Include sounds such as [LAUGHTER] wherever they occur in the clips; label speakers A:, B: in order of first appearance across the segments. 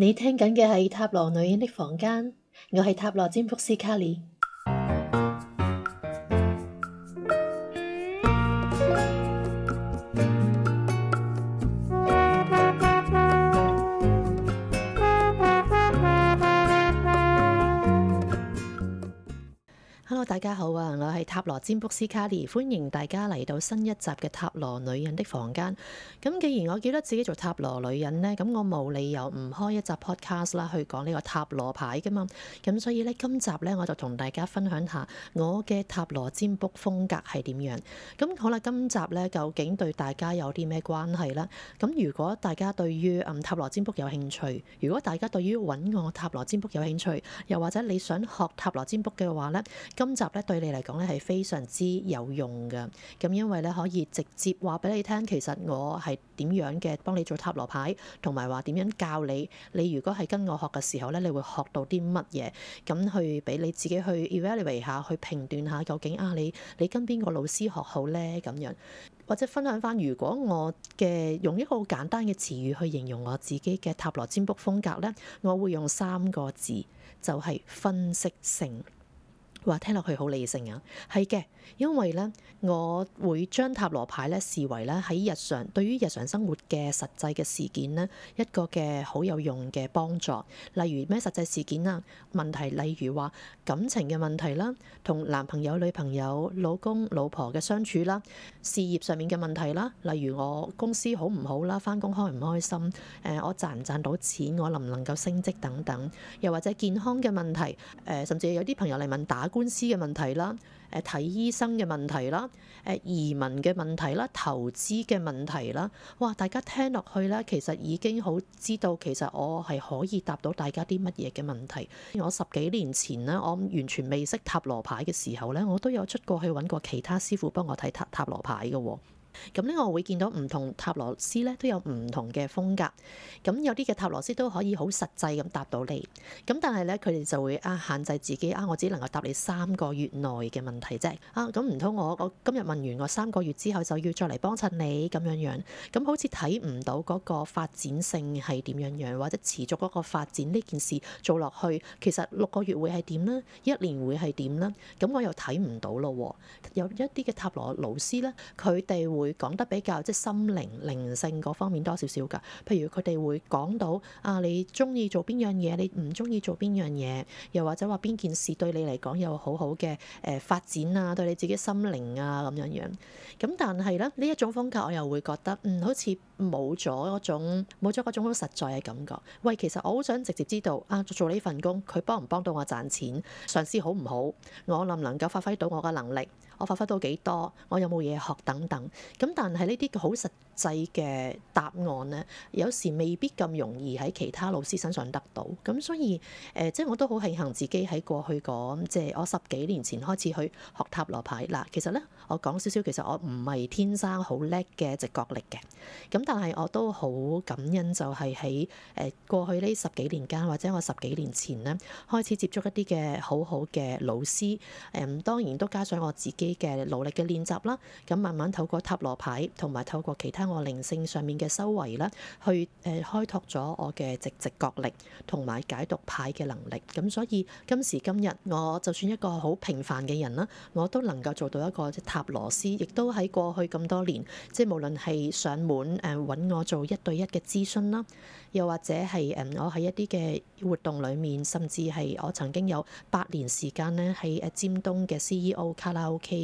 A: 你聽緊嘅係《塔羅女人的房間》，我係塔羅占卜師卡莉。大家好啊！我係塔羅占卜師 Carly，歡迎大家嚟到新一集嘅塔羅女人的房間。咁既然我記得自己做塔羅女人呢，咁我冇理由唔開一集 podcast 啦，去講呢個塔羅牌㗎嘛。咁所以呢，今集呢，我就同大家分享下我嘅塔羅占卜風格係點樣。咁好啦，今集呢，究竟對大家有啲咩關係呢？咁如果大家對於嗯塔羅占卜有興趣，如果大家對於揾我塔羅占卜有興趣，又或者你想學塔羅占卜嘅話呢。今集。咧對你嚟講咧係非常之有用嘅，咁因為咧可以直接話俾你聽，其實我係點樣嘅幫你做塔羅牌，同埋話點樣教你。你如果係跟我學嘅時候咧，你會學到啲乜嘢？咁去俾你自己去 evaluate 下去評斷下究竟啊，你你跟邊個老師學好呢？咁樣或者分享翻，如果我嘅用一個好簡單嘅詞語去形容我自己嘅塔羅占卜風格呢，我會用三個字，就係分析性。話聽落去好理性啊，係嘅，因為咧，我會將塔羅牌咧視為咧喺日常對於日常生活嘅實際嘅事件咧一個嘅好有用嘅幫助。例如咩實際事件啊問，問題，例如話感情嘅問題啦，同男朋友、女朋友、老公、老婆嘅相處啦，事業上面嘅問題啦，例如我公司好唔好啦，返工開唔開心，誒我賺唔賺到錢，我能唔能夠升職等等，又或者健康嘅問題，誒甚至有啲朋友嚟問打。官司嘅問題啦，誒睇醫生嘅問題啦，誒移民嘅問題啦，投資嘅問題啦，哇！大家聽落去咧，其實已經好知道，其實我係可以答到大家啲乜嘢嘅問題。我十幾年前呢，我完全未識塔羅牌嘅時候咧，我都有出過去揾過其他師傅幫我睇塔塔羅牌㗎喎。咁呢，我會見到唔同塔羅師咧都有唔同嘅風格。咁有啲嘅塔羅師都可以好實際咁答到你。咁但係咧，佢哋就會啊限制自己啊，我只能夠答你三個月內嘅問題啫。啊，咁唔通我我今日問完我三個月之後就要再嚟幫襯你咁樣樣？咁好似睇唔到嗰個發展性係點樣樣，或者持續嗰個發展呢件事做落去，其實六個月會係點呢？一年會係點呢？咁我又睇唔到咯。有一啲嘅塔羅老師咧，佢哋會，會講得比較即係心靈靈性嗰方面多少少㗎，譬如佢哋會講到啊，你中意做邊樣嘢，你唔中意做邊樣嘢，又或者話邊件事對你嚟講有好好嘅誒發展啊，對你自己心靈啊咁樣樣。咁但係咧呢一種風格，我又會覺得嗯，好似冇咗嗰種冇咗嗰種好實在嘅感覺。喂，其實我好想直接知道啊，做呢份工佢幫唔幫到我賺錢，上司好唔好，我能唔能夠發揮到我嘅能力？我發揮到幾多？我有冇嘢學等等？咁但係呢啲好實際嘅答案呢，有時未必咁容易喺其他老師身上得到。咁所以誒、呃，即係我都好慶幸自己喺過去講，即係我十幾年前開始去學塔羅牌。嗱，其實呢，我講少少，其實我唔係天生好叻嘅直覺力嘅。咁但係我都好感恩，就係喺誒過去呢十幾年間，或者我十幾年前呢，開始接觸一啲嘅好好嘅老師。誒、呃，當然都加上我自己啲嘅努力嘅練習啦，咁慢慢透過塔羅牌同埋透過其他我靈性上面嘅修為啦，去誒開拓咗我嘅直直覺力同埋解讀牌嘅能力。咁所以今時今日我就算一個好平凡嘅人啦，我都能夠做到一個塔羅師，亦都喺過去咁多年，即係無論係上門誒揾我做一對一嘅諮詢啦，又或者係誒我喺一啲嘅活動裏面，甚至係我曾經有八年時間咧喺誒尖東嘅 CEO 卡拉 OK。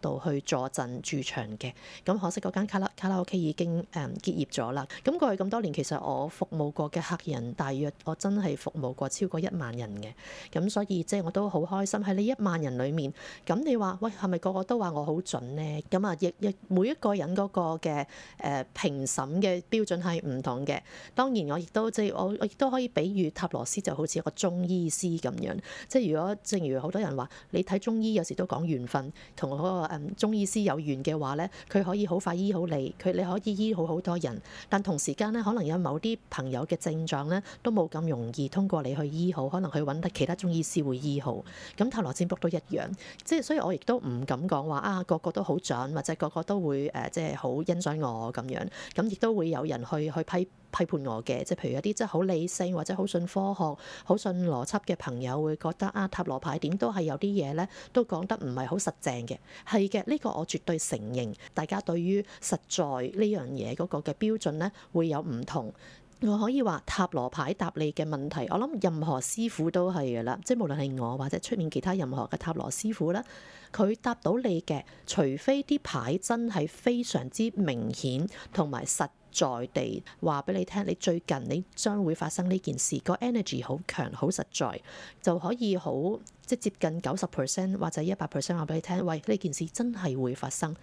A: 度去坐鎮駐場嘅，咁可惜嗰間卡拉卡拉 OK 已經誒、嗯、結業咗啦。咁過去咁多年，其實我服務過嘅客人，大約我真係服務過超過一萬人嘅。咁所以即係我都好開心喺呢一萬人裡面。咁你話喂係咪個個都話我好準呢？咁啊，亦亦每一個人嗰個嘅誒、呃、評審嘅標準係唔同嘅。當然我亦都即係我我亦都可以比喻塔羅斯就好似一個中醫師咁樣。即係如果正如好多人話，你睇中醫有時都講緣分。同嗰個嗯中醫師有緣嘅話咧，佢可以好快醫好你，佢你可以醫好好多人，但同時間咧，可能有某啲朋友嘅症狀咧，都冇咁容易通過你去醫好，可能去揾得其他中醫師會醫好，咁頭來先 b 都一樣，即係所以我亦都唔敢講話啊，個個都好準，或者個個都會誒即係好欣賞我咁樣，咁亦都會有人去去批。批判我嘅，即係譬如有啲即係好理性或者好信科學好信邏輯嘅朋友會覺得啊，塔羅牌點都係有啲嘢咧，都講得唔係好實正嘅。係嘅，呢個我絕對承認。大家對於實在呢樣嘢嗰個嘅標準咧，會有唔同。我可以話塔羅牌答你嘅問題，我諗任何師傅都係嘅啦，即係無論係我或者出面其他任何嘅塔羅師傅咧，佢答到你嘅，除非啲牌真係非常之明顯同埋實。在地話，俾你聽，你最近你將會發生呢件事，個 energy 好強好實在，就可以好即接近九十 percent 或者一百 percent 話俾你聽，喂呢件事真係會發生。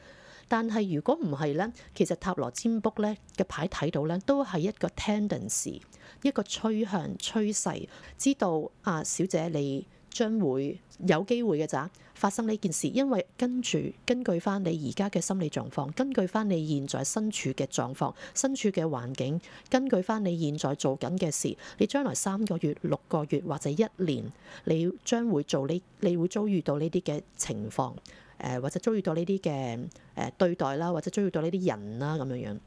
A: 但係如果唔係呢，其實塔羅占卜呢，嘅牌睇到呢，都係一個 tendency，一個趨向，趨勢。知道啊，小姐你。將會有機會嘅咋發生呢件事，因為跟住根據翻你而家嘅心理狀況，根據翻你現在身處嘅狀況、身處嘅環境，根據翻你現在做緊嘅事，你將來三個月、六個月或者一年，你將會做呢，你會遭遇到呢啲嘅情況，誒，或者遭遇到呢啲嘅誒對待啦，或者遭遇到呢啲人啦，咁樣樣。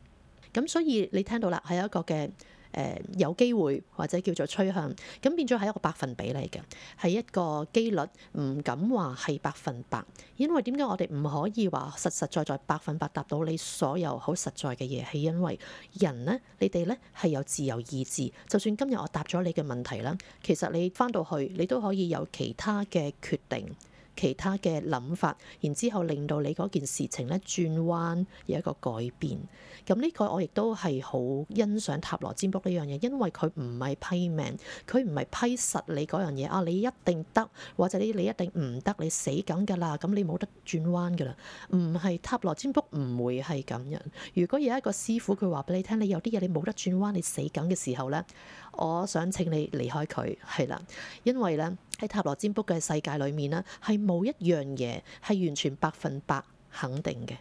A: 咁所以你聽到啦，係有一個嘅。誒、呃、有機會或者叫做趨向，咁變咗係一個百分比嚟嘅，係一個機率，唔敢話係百分百，因為點解我哋唔可以話實實在在百分百答，答到你所有好實在嘅嘢？係因為人呢，你哋呢係有自由意志，就算今日我答咗你嘅問題啦，其實你翻到去你都可以有其他嘅決定。其他嘅諗法，然之後令到你嗰件事情咧轉彎，有一個改變。咁、這、呢個我亦都係好欣賞塔羅占卜呢樣嘢，因為佢唔係批命，佢唔係批實你嗰樣嘢啊，你一定得或者你你一定唔得，你死梗㗎啦，咁你冇得轉彎㗎啦。唔係，塔羅占卜唔會係咁樣。如果有一個師傅佢話俾你聽，你有啲嘢你冇得轉彎，你死梗嘅時候呢。」我想請你離開佢，係啦，因為咧喺塔羅占卜嘅世界裏面咧，係冇一樣嘢係完全百分百肯定嘅。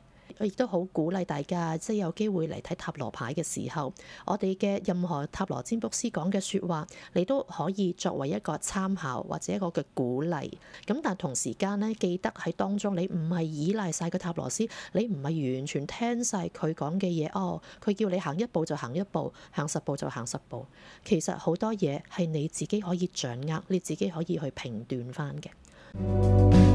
A: 亦都好鼓勵大家，即係有機會嚟睇塔羅牌嘅時候，我哋嘅任何塔羅占卜師講嘅説話，你都可以作為一個參考或者一個嘅鼓勵。咁但同時間呢，記得喺當中你唔係依賴晒個塔羅師，你唔係完全聽晒佢講嘅嘢。哦，佢叫你行一步就行一步，行十步就行十步。其實好多嘢係你自己可以掌握，你自己可以去評斷翻嘅。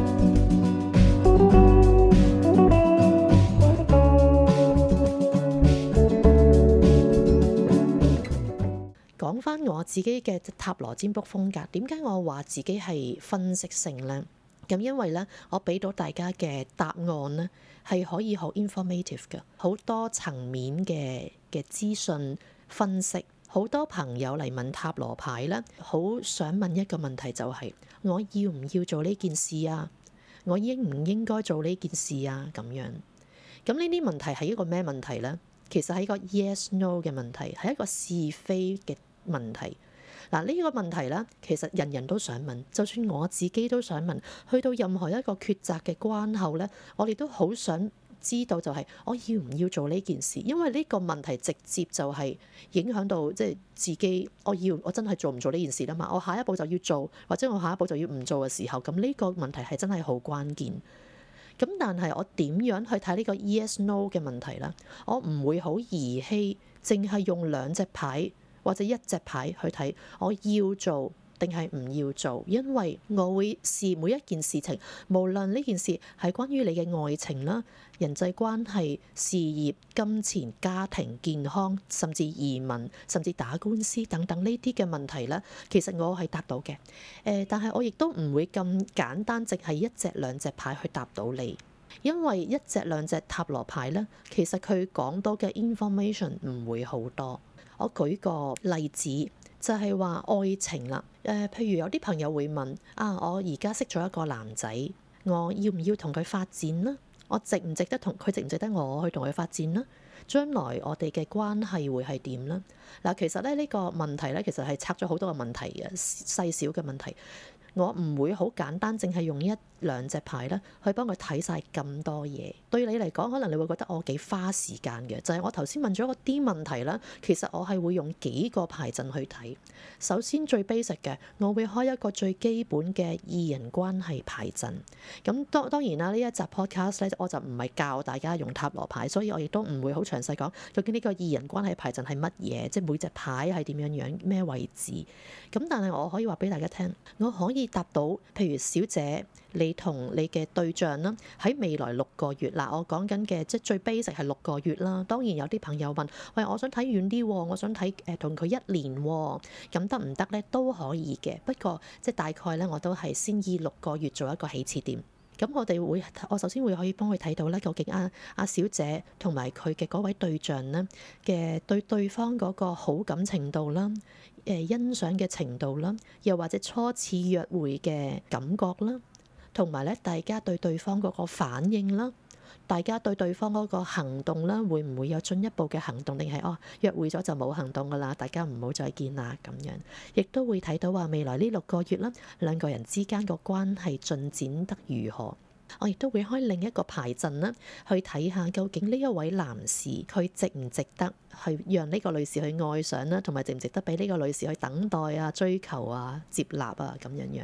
A: 講翻我自己嘅塔羅占卜風格，點解我話自己係分析性呢？咁因為呢，我俾到大家嘅答案呢，係可以好 informative 嘅，好多層面嘅嘅資訊分析。好多朋友嚟問塔羅牌呢，好想問一個問題就係：我要唔要做呢件事啊？我應唔應該做呢件事啊？咁樣。咁呢啲問題係一個咩問題呢？其實係一個 yes no 嘅問題，係一個是非嘅問題嗱，呢個問題啦，其實人人都想問，就算我自己都想問。去到任何一個抉擇嘅關口咧，我哋都好想知道，就係我要唔要做呢件事？因為呢個問題直接就係影響到即係自己我，我要我真係做唔做呢件事啦嘛？我下一步就要做，或者我下一步就要唔做嘅時候，咁、這、呢個問題係真係好關鍵。咁但係我點樣去睇呢個 Yes No 嘅問題咧？我唔會好兒戲，淨係用兩隻牌。或者一隻牌去睇，我要做定係唔要做？因為我會試每一件事情，無論呢件事係關於你嘅愛情啦、人際關係、事業、金錢、家庭、健康，甚至移民，甚至打官司等等呢啲嘅問題呢，其實我係答到嘅。但係我亦都唔會咁簡單，淨係一隻兩隻牌去答到你，因為一隻兩隻塔羅牌呢，其實佢講到嘅 information 唔會好多。我舉個例子，就係話愛情啦。誒、呃，譬如有啲朋友會問：啊，我而家識咗一個男仔，我要唔要同佢發展呢？我值唔值得同佢值唔值得我去同佢發展呢？將來我哋嘅關係會係點呢？嗱，其實咧呢個問題咧，其實係拆咗好多個問題嘅細小嘅問題。我唔會好簡單，淨係用一兩隻牌咧，去幫佢睇晒咁多嘢。對你嚟講，可能你會覺得我幾花時間嘅，就係我頭先問咗一個啲問題啦，其實我係會用幾個牌陣去睇。首先最 basic 嘅，我會開一個最基本嘅二人關係牌陣。咁當當然啦，呢一集 podcast 咧，我就唔係教大家用塔羅牌，所以我亦都唔會好詳細講究竟呢個二人關係牌陣係乜嘢，即係每隻牌係點樣樣咩位置。咁但係我可以話俾大家聽，我可以。可以達到譬如小姐，你同你嘅對象啦，喺未來六個月嗱，我講緊嘅即係最 basic 係六個月啦。當然有啲朋友問，喂，我想睇遠啲喎，我想睇誒同佢一年喎，咁得唔得咧？都可以嘅，不過即係大概咧，我都係先以六個月做一個起始點。咁我哋會，我首先會可以幫佢睇到咧，究竟啊，阿小姐同埋佢嘅嗰位對象咧嘅對對方嗰個好感程度啦，誒欣賞嘅程度啦，又或者初次約會嘅感覺啦，同埋咧大家對對方嗰個反應啦。大家對對方嗰個行動啦，會唔會有進一步嘅行動？定係哦約會咗就冇行動㗎啦，大家唔好再見啦咁樣。亦都會睇到話未來呢六個月啦，兩個人之間個關係進展得如何？我亦都會開另一個牌陣啦，去睇下究竟呢一位男士佢值唔值得去讓呢個女士去愛上啦，同埋值唔值得俾呢個女士去等待啊、追求啊、接納啊咁樣樣。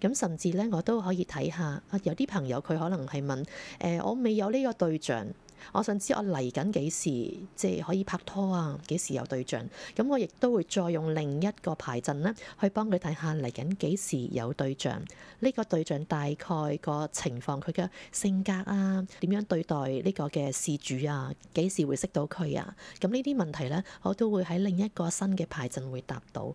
A: 咁甚至咧，我都可以睇下啊！有啲朋友佢可能係問：呃「誒，我未有呢個對象，我想知我嚟緊幾時，即係可以拍拖啊？幾時有對象？咁我亦都會再用另一個牌陣咧，去幫佢睇下嚟緊幾時有對象。呢個對象大概個情況，佢嘅性格啊，點樣對待呢個嘅事主啊？幾時會，會識到佢啊？咁呢啲問題咧，我都會喺另一個新嘅牌陣會答到。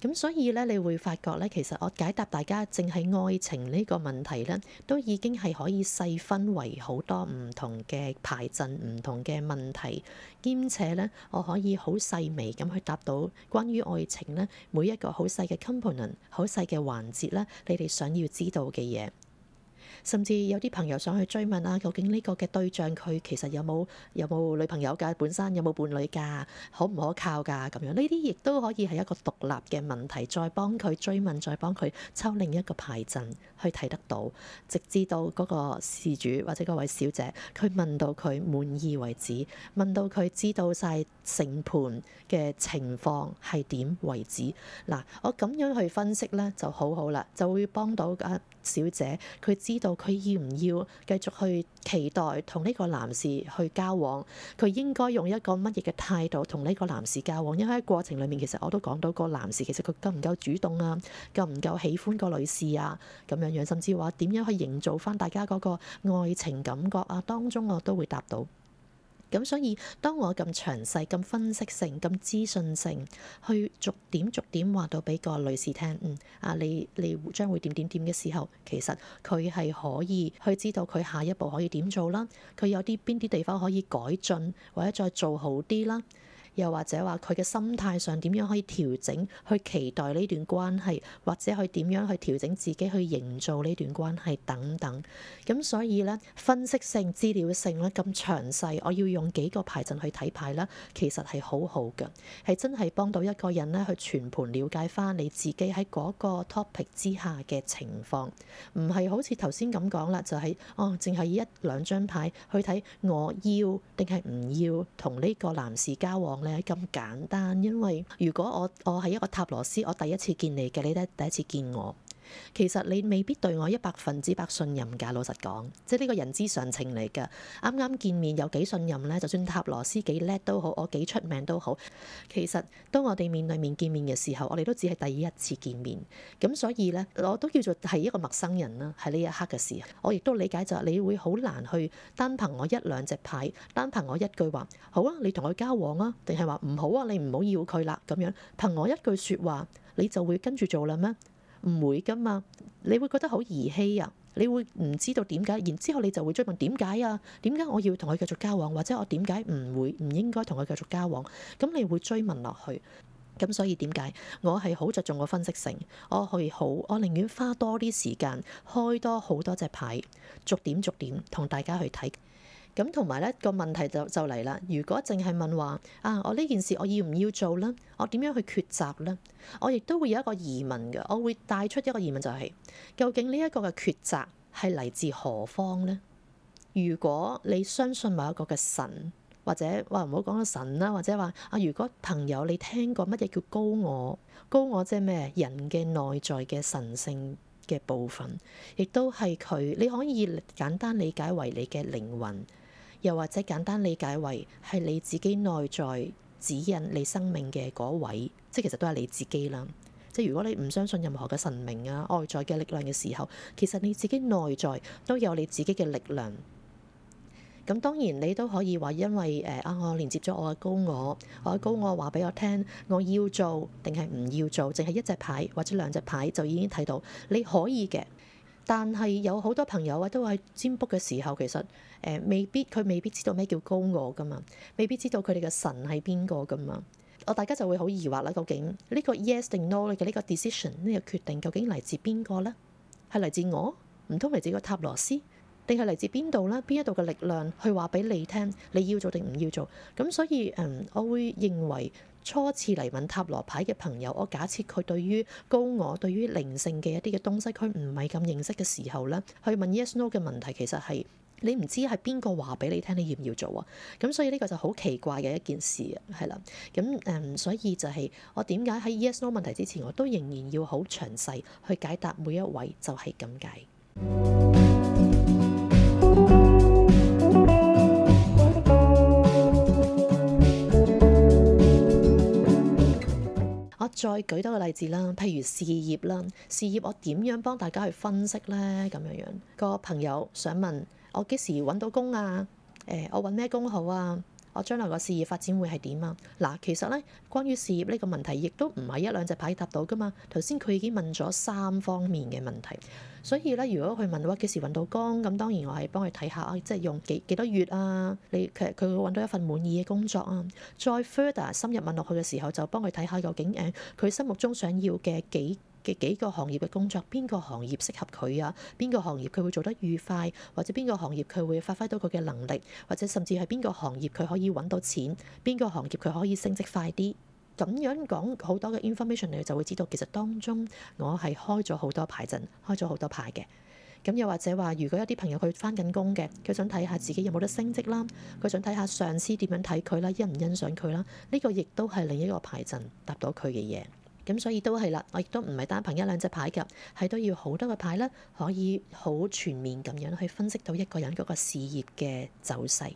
A: 咁所以咧，你會發覺咧，其實我解答大家淨係愛情呢個問題咧，都已經係可以細分為好多唔同嘅排陣、唔同嘅問題，兼且咧，我可以好細微咁去答到關於愛情咧每一個好細嘅 component、好細嘅環節咧，你哋想要知道嘅嘢。甚至有啲朋友想去追問啊，究竟呢個嘅對象佢其實有冇有冇女朋友噶？本身有冇伴侶噶？可唔可靠噶？咁樣呢啲亦都可以係一個獨立嘅問題，再幫佢追問，再幫佢抽另一個牌陣去睇得到，直至到嗰個事主或者嗰位小姐佢問到佢滿意為止，問到佢知道晒成盤嘅情況係點為止嗱，我咁樣去分析咧就好好啦，就會幫到嘅。小姐，佢知道佢要唔要繼續去期待同呢個男士去交往，佢應該用一個乜嘢嘅態度同呢個男士交往？因為喺過程裏面，其實我都講到個男士其實佢夠唔夠主動啊，夠唔夠喜歡個女士啊，咁樣樣，甚至話點樣去營造翻大家嗰個愛情感覺啊，當中我都會答到。咁所以，當我咁詳細、咁分析性、咁資訊性，去逐點逐點話到俾個女士聽，嗯，啊，你你將會點點點嘅時候，其實佢係可以去知道佢下一步可以點做啦，佢有啲邊啲地方可以改進，或者再做好啲啦。又或者話佢嘅心態上點樣可以調整，去期待呢段關係，或者去點樣去調整自己去營造呢段關係等等。咁所以呢，分析性、資料性呢咁詳細，我要用幾個牌陣去睇牌啦，其實係好好嘅，係真係幫到一個人呢去全盤了解返你自己喺嗰個 topic 之下嘅情況，唔係好似頭先咁講啦，就係、是、哦，淨係以一兩張牌去睇我要定係唔要同呢個男士交往。你係咁簡單，因為如果我我係一個塔羅師，我第一次見你嘅，你都係第一次見我。其實你未必對我一百分之百信任㗎。老實講，即係呢個人之常情嚟㗎。啱啱見面有幾信任呢？就算塔羅師幾叻都好，我幾出名都好。其實當我哋面對面見面嘅時候，我哋都只係第一次見面咁，所以呢，我都叫做係一個陌生人啦。喺呢一刻嘅時候，我亦都理解就係你會好難去單憑我一兩隻牌，單憑我一句話好啊，你同佢交往啊，定係話唔好啊，你唔好要佢啦咁樣。憑我一句説話，你就會跟住做啦咩？唔會㗎嘛，你會覺得好兒戲啊！你會唔知道點解，然之後你就會追問點解啊？點解我要同佢繼續交往，或者我點解唔會唔應該同佢繼續交往？咁你會追問落去。咁所以點解我係好着重個分析性，我去好，我寧願花多啲時間開多好多隻牌，逐點逐點同大家去睇。咁同埋咧個問題就就嚟啦！如果淨係問話啊，我呢件事我要唔要做咧？我點樣去抉擇咧？我亦都會有一個疑問嘅，我會帶出一個疑問，就是，就係究竟呢一個嘅抉擇係嚟自何方咧？如果你相信某一個嘅神，或者話唔好講到神啦，或者話啊，如果朋友你聽過乜嘢叫高我？高我即係咩？人嘅內在嘅神性嘅部分，亦都係佢。你可以簡單理解為你嘅靈魂。又或者簡單理解為係你自己內在指引你生命嘅嗰位，即係其實都係你自己啦。即係如果你唔相信任何嘅神明啊，外在嘅力量嘅時候，其實你自己內在都有你自己嘅力量。咁當然你都可以話，因為誒啊，我連接咗我嘅高我，我嘅高我話俾我聽，我要做定係唔要做，淨係一隻牌或者兩隻牌就已經睇到你可以嘅。但係有好多朋友啊，都喺占卜嘅時候，其實誒未必佢未必知道咩叫高我㗎嘛，未必知道佢哋嘅神係邊個㗎嘛。我大家就會好疑惑啦。究竟呢個 yes 定 no 嘅呢個 decision 呢個決定，呢個決定究竟嚟自邊個呢？係嚟自我唔通嚟自個塔羅斯，定係嚟自邊度呢？邊一度嘅力量去話俾你聽，你要做定唔要做咁？所以嗯，我會認為，初次嚟問塔羅牌嘅朋友，我假設佢對於高我、對於靈性嘅一啲嘅東西，佢唔係咁認識嘅時候咧，去問 Yes No 嘅問題，其實係你唔知係邊個話俾你聽，你要唔要做啊？咁所以呢個就好奇怪嘅一件事啊，係啦，咁誒、嗯，所以就係、是、我點解喺 Yes No 問題之前，我都仍然要好詳細去解答每一位就，就係咁解。我再舉多個例子啦，譬如事業啦，事業我點樣幫大家去分析咧？咁樣樣個朋友想問我幾時揾到工啊？誒，我揾咩工好啊？我將來個事業發展會係點啊？嗱，其實咧，關於事業呢個問題，亦都唔係一兩隻牌答到㗎嘛。頭先佢已經問咗三方面嘅問題，所以咧，如果佢問到話幾時揾到工，咁當然我係幫佢睇下啊，即係用幾幾多月啊？你其實佢會揾到一份滿意嘅工作啊。再 further 深入問落去嘅時候，就幫佢睇下究竟誒佢、呃、心目中想要嘅幾嘅幾個行業嘅工作，邊個行業適合佢啊？邊個行業佢會做得愉快，或者邊個行業佢會發揮到佢嘅能力，或者甚至係邊個行業佢可以揾到錢，邊個行業佢可以升職快啲。咁樣講，好多嘅 information，你就會知道其實當中我係開咗好多牌陣，開咗好多牌嘅。咁又或者話，如果一啲朋友佢翻緊工嘅，佢想睇下自己有冇得升職啦，佢想睇下上司點樣睇佢啦，欣唔欣賞佢啦，呢個亦都係另一個牌陣答到佢嘅嘢。咁所以都係啦，我亦都唔係單憑一兩隻牌嘅，係都要好多個牌咧，可以好全面咁樣去分析到一個人嗰個事業嘅走勢。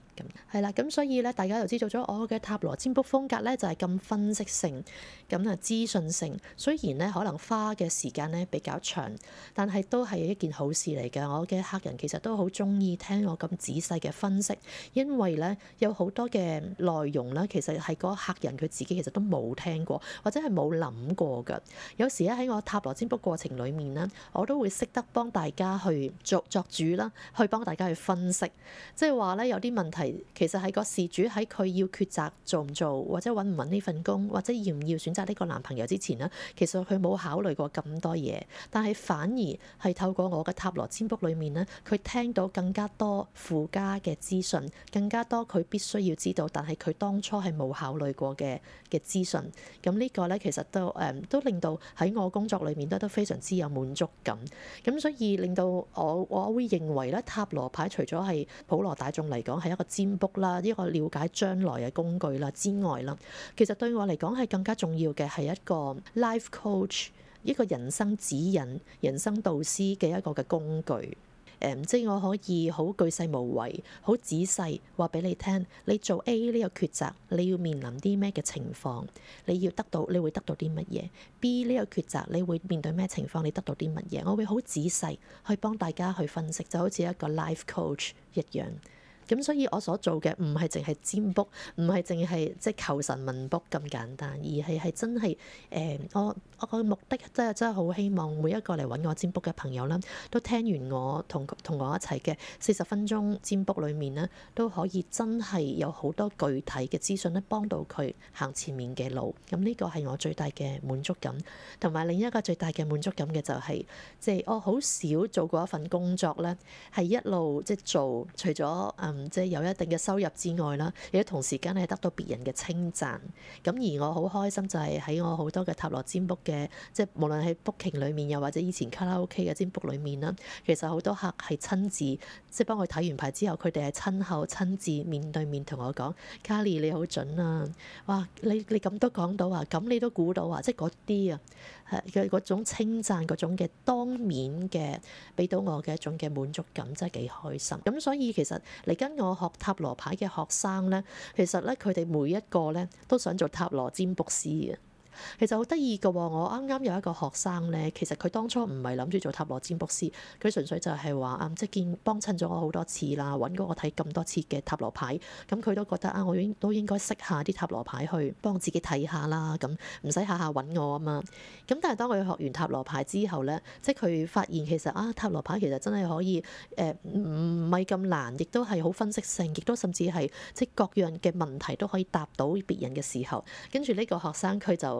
A: 係啦，咁所以咧，大家就知道咗我嘅塔羅占卜風格咧，就係咁分析性，咁啊資訊性。雖然咧可能花嘅時間咧比較長，但係都係一件好事嚟嘅。我嘅客人其實都好中意聽我咁仔細嘅分析，因為咧有好多嘅內容咧，其實係個客人佢自己其實都冇聽過，或者係冇諗過㗎。有時咧喺我塔羅占卜過程裏面呢，我都會識得幫大家去作作主啦，去幫大家去分析，即係話咧有啲問題。其實係個事主喺佢要抉擇做唔做，或者揾唔揾呢份工，或者要唔要選擇呢個男朋友之前呢，其實佢冇考慮過咁多嘢。但係反而係透過我嘅塔羅占卜裏面呢，佢聽到更加多附加嘅資訊，更加多佢必須要知道，但係佢當初係冇考慮過嘅嘅資訊。咁呢個呢，其實都誒都令到喺我工作裏面都非常之有滿足感。咁所以令到我我會認為呢，塔羅牌除咗係普羅大眾嚟講係一個占卜啦，呢個了解將來嘅工具啦之外啦，其實對我嚟講係更加重要嘅係一個 life coach，一個人生指引、人生導師嘅一個嘅工具。嗯，即係我可以好巨細無遺，好仔細話俾你聽，你做 A 呢個抉擇，你要面臨啲咩嘅情況，你要得到，你會得到啲乜嘢？B 呢個抉擇，你會面對咩情況，你得到啲乜嘢？我會好仔細去幫大家去分析，就好似一個 life coach 一樣。咁所以，我所做嘅唔係淨係占卜，唔係淨係即求神問卜咁簡單，而係，係真係誒、呃、我我嘅目的真係真係好希望每一個嚟揾我占卜嘅朋友啦，都聽完我同同我一齊嘅四十分鐘占卜裏面咧，都可以真係有好多具體嘅資訊咧，幫到佢行前面嘅路。咁呢個係我最大嘅滿足感，同埋另一個最大嘅滿足感嘅就係，即係我好少做過一份工作咧，係一路即係做，除咗嗯。即係有一定嘅收入之外啦，亦都同時間係得到別人嘅稱讚。咁而我好開心就係喺我好多嘅塔羅占卜嘅，即係無論喺 Booking 裡面，又或者以前卡拉 OK 嘅占卜裡面啦，其實好多客係親自，即係幫我睇完牌之後，佢哋係親口親自面對面同我講：「Carrie 你好準啊！哇，你你咁都講到啊，咁你都估到啊！即係嗰啲啊。係佢嗰種稱讚，嗰種嘅當面嘅，俾到我嘅一種嘅滿足感，真係幾開心。咁所以其實嚟跟我學塔羅牌嘅學生呢，其實呢，佢哋每一個呢都想做塔羅占卜師嘅。其實好得意㗎喎，我啱啱有一個學生咧，其實佢當初唔係諗住做塔羅占卜師，佢純粹就係話啊，即係見幫襯咗我好多次啦，揾過我睇咁多次嘅塔羅牌，咁佢都覺得啊，我應都應該識下啲塔羅牌去幫自己睇下啦，咁唔使下下揾我啊嘛。咁但係當佢學完塔羅牌之後咧，即係佢發現其實啊，塔羅牌其實真係可以誒，唔唔係咁難，亦都係好分析性，亦都甚至係即係各樣嘅問題都可以答到別人嘅時候，跟住呢個學生佢就。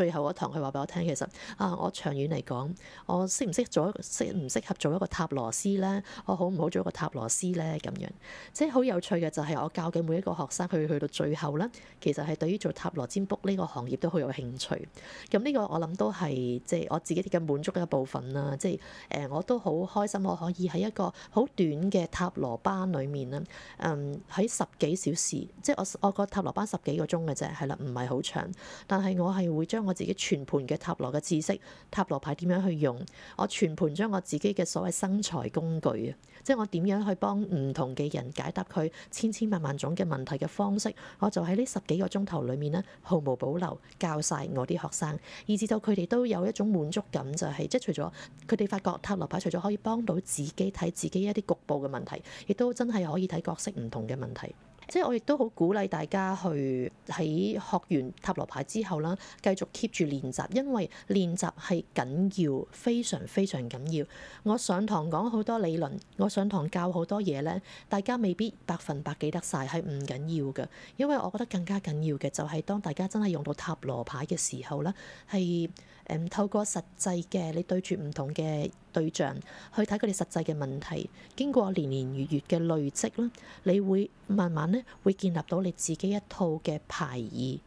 A: 最後一堂佢話俾我聽，其實啊，我長遠嚟講，我適唔適做一個適唔適合做一個塔羅師咧？我好唔好做一個塔羅師咧？咁樣即係好有趣嘅，就係我教嘅每一個學生，佢去到最後咧，其實係對於做塔羅占卜呢個行業都好有興趣。咁呢個我諗都係即係我自己嘅滿足嘅一部分啦。即係誒、呃，我都好開心，我可以喺一個好短嘅塔羅班裡面咧，嗯，喺十幾小時，即係我我個塔羅班十幾個鐘嘅啫，係啦，唔係好長，但係我係會將我，我自己全盤嘅塔羅嘅知識，塔羅牌點樣去用？我全盤將我自己嘅所謂生財工具啊，即係我點樣去幫唔同嘅人解答佢千千萬萬種嘅問題嘅方式，我就喺呢十幾個鐘頭裏面咧，毫無保留教晒我啲學生，以至到佢哋都有一種滿足感，就是，就係即係除咗佢哋發覺塔羅牌除咗可以幫到自己睇自己一啲局部嘅問題，亦都真係可以睇角色唔同嘅問題。即係我亦都好鼓勵大家去喺學完塔羅牌之後啦，繼續 keep 住練習，因為練習係緊要，非常非常緊要。我上堂講好多理論，我上堂教好多嘢咧，大家未必百分百記得晒係唔緊要嘅，因為我覺得更加緊要嘅就係當大家真係用到塔羅牌嘅時候啦，係誒、嗯、透過實際嘅你對住唔同嘅。對象去睇佢哋實際嘅問題，經過年年月月嘅累積啦，你會慢慢咧會建立到你自己一套嘅牌意，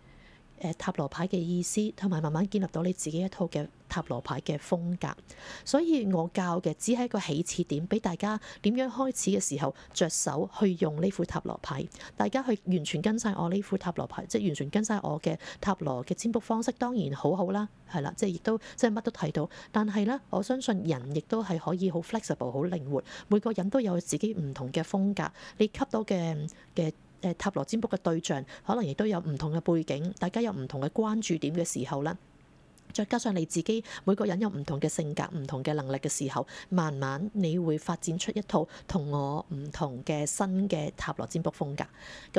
A: 誒塔羅牌嘅意思，同埋慢慢建立到你自己一套嘅。塔羅牌嘅風格，所以我教嘅只係一個起始點，俾大家點樣開始嘅時候着手去用呢副塔羅牌。大家去完全跟晒我呢副塔羅牌，即完全跟晒我嘅塔羅嘅占卜方式，當然好好啦，係啦，即亦都即乜都睇到。但係呢，我相信人亦都係可以好 flexible，好靈活，每個人都有自己唔同嘅風格，你吸到嘅嘅誒塔羅占卜嘅對象，可能亦都有唔同嘅背景，大家有唔同嘅關注點嘅時候呢。再加上你自己，每個人有唔同嘅性格、唔同嘅能力嘅時候，慢慢你會發展出一套同我唔同嘅新嘅塔羅占卜風格。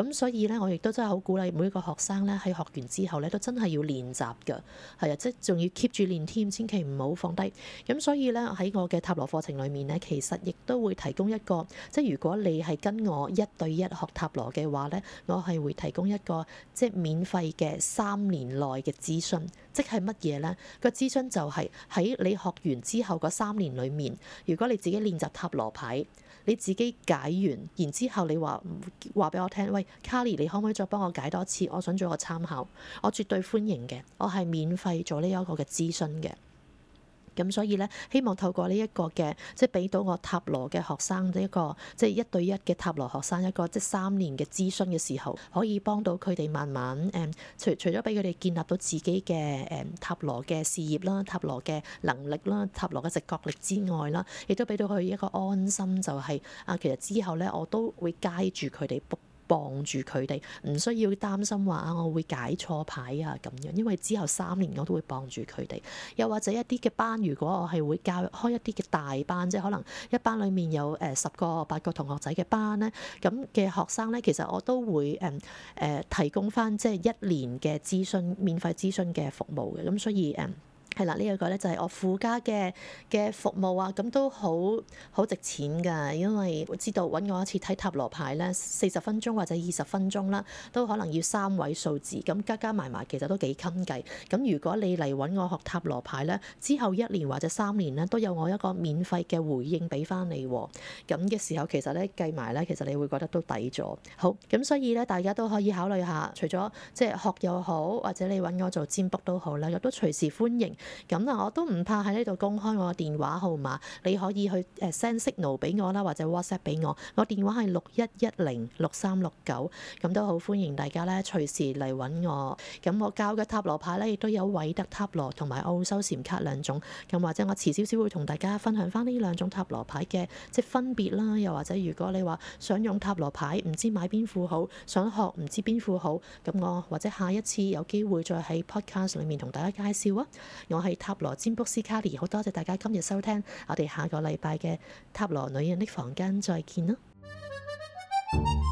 A: 咁所以咧，我亦都真係好鼓勵每一個學生咧，喺學完之後咧都真係要練習㗎，係啊，即係仲要 keep 住練添，千祈唔好放低。咁所以咧，喺我嘅塔羅課程裏面咧，其實亦都會提供一個，即係如果你係跟我一對一學塔羅嘅話咧，我係會提供一個即係免費嘅三年內嘅諮詢。即係乜嘢呢？個諮詢就係喺你學完之後嗰三年裏面，如果你自己練習塔羅牌，你自己解完然之後你，你話話俾我聽，喂，Carly 你可唔可以再幫我解多次？我想做個參考，我絕對歡迎嘅，我係免費做呢一個嘅諮詢嘅。咁所以咧，希望透過呢一個嘅，即係俾到我塔羅嘅學生呢一個，即係一對一嘅塔羅學生一個，即係三年嘅諮詢嘅時候，可以幫到佢哋慢慢誒、嗯，除除咗俾佢哋建立到自己嘅誒塔羅嘅事業啦、塔羅嘅能力啦、塔羅嘅直覺力之外啦，亦都俾到佢一個安心、就係，就係啊，其實之後咧，我都會接住佢哋 book。傍住佢哋，唔需要擔心話啊，我會解錯牌啊咁樣，因為之後三年我都會傍住佢哋。又或者一啲嘅班，如果我係會教開一啲嘅大班，即係可能一班裡面有誒十個、八個同學仔嘅班咧，咁嘅學生咧，其實我都會誒誒提供返即係一年嘅諮詢、免費諮詢嘅服務嘅，咁所以誒。係啦，呢一個咧就係我附加嘅嘅服務啊，咁都好好值錢㗎，因為我知道揾我一次睇塔羅牌咧，四十分鐘或者二十分鐘啦，都可能要三位數字，咁加加埋埋其實都幾襟計。咁如果你嚟揾我學塔羅牌咧，之後一年或者三年咧，都有我一個免費嘅回應俾翻你喎。咁嘅時候其實咧計埋咧，其實你會覺得都抵咗。好，咁所以咧大家都可以考慮下，除咗即係學又好，或者你揾我做占卜好都好啦，亦都隨時歡迎。咁啦，我都唔怕喺呢度公開我嘅電話號碼，你可以去誒 send signal 俾我啦，或者 WhatsApp 俾我。我電話係六一一零六三六九，咁都好歡迎大家咧隨時嚟揾我。咁我教嘅塔羅牌咧，亦都有韋特塔羅同埋澳洲禪卡兩種。咁或者我遲少少會同大家分享翻呢兩種塔羅牌嘅即分別啦。又或者如果你話想用塔羅牌，唔知買邊副好，想學唔知邊副好，咁我或者下一次有機會再喺 podcast 裏面同大家介紹啊。我係塔羅占卜師卡莉，好多謝大家今日收聽，我哋下個禮拜嘅塔羅女人的房間再見啦。 [NOISE]